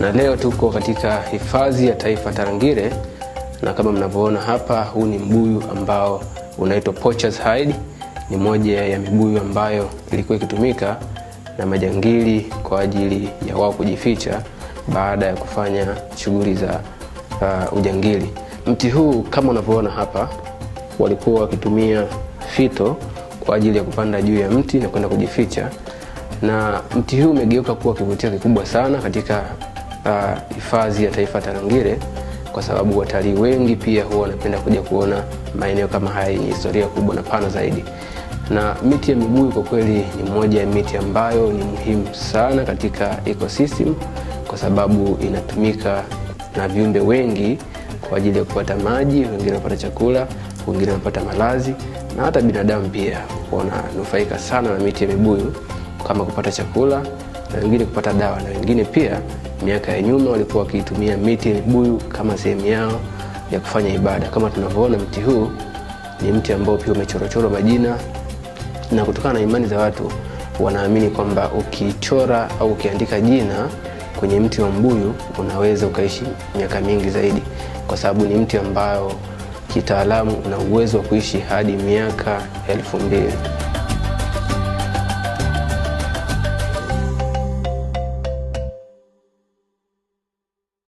na leo tuko katika hifadhi ya taifa Tarangire, na kama mnavyoona hapa, huu ni mbuyu ambao unaitwa poacher's hide. Ni moja ya mibuyu ambayo ilikuwa ikitumika na majangili kwa ajili ya wao kujificha baada ya kufanya shughuli za uh, ujangili. Mti huu kama unavyoona hapa, walikuwa wakitumia fito kwa ajili ya kupanda juu ya mti na kwenda kujificha, na mti huu umegeuka kuwa kivutio kikubwa sana katika Uh, hifadhi uh, ya taifa Tarangire kwa sababu watalii wengi pia huwa wanapenda kuja kuona maeneo kama haya yenye historia kubwa na pana zaidi. Na miti ya mibuyu kwa kweli ni moja ya miti ambayo ni muhimu sana katika ecosystem kwa sababu inatumika na viumbe wengi kwa ajili ya kupata maji, wengine wanapata chakula, wengine wanapata malazi na hata binadamu pia wananufaika sana na miti ya mibuyu kama kupata chakula na wengine kupata dawa na wengine pia Miaka ya nyuma walikuwa wakiitumia miti mibuyu kama sehemu yao ya kufanya ibada. Kama tunavyoona, mti huu ni mti ambao pia umechorochorwa majina, na kutokana na imani za watu wanaamini kwamba ukichora au ukiandika jina kwenye mti wa mbuyu unaweza ukaishi miaka mingi zaidi, kwa sababu ni mti ambao kitaalamu una uwezo wa kuishi hadi miaka elfu mbili.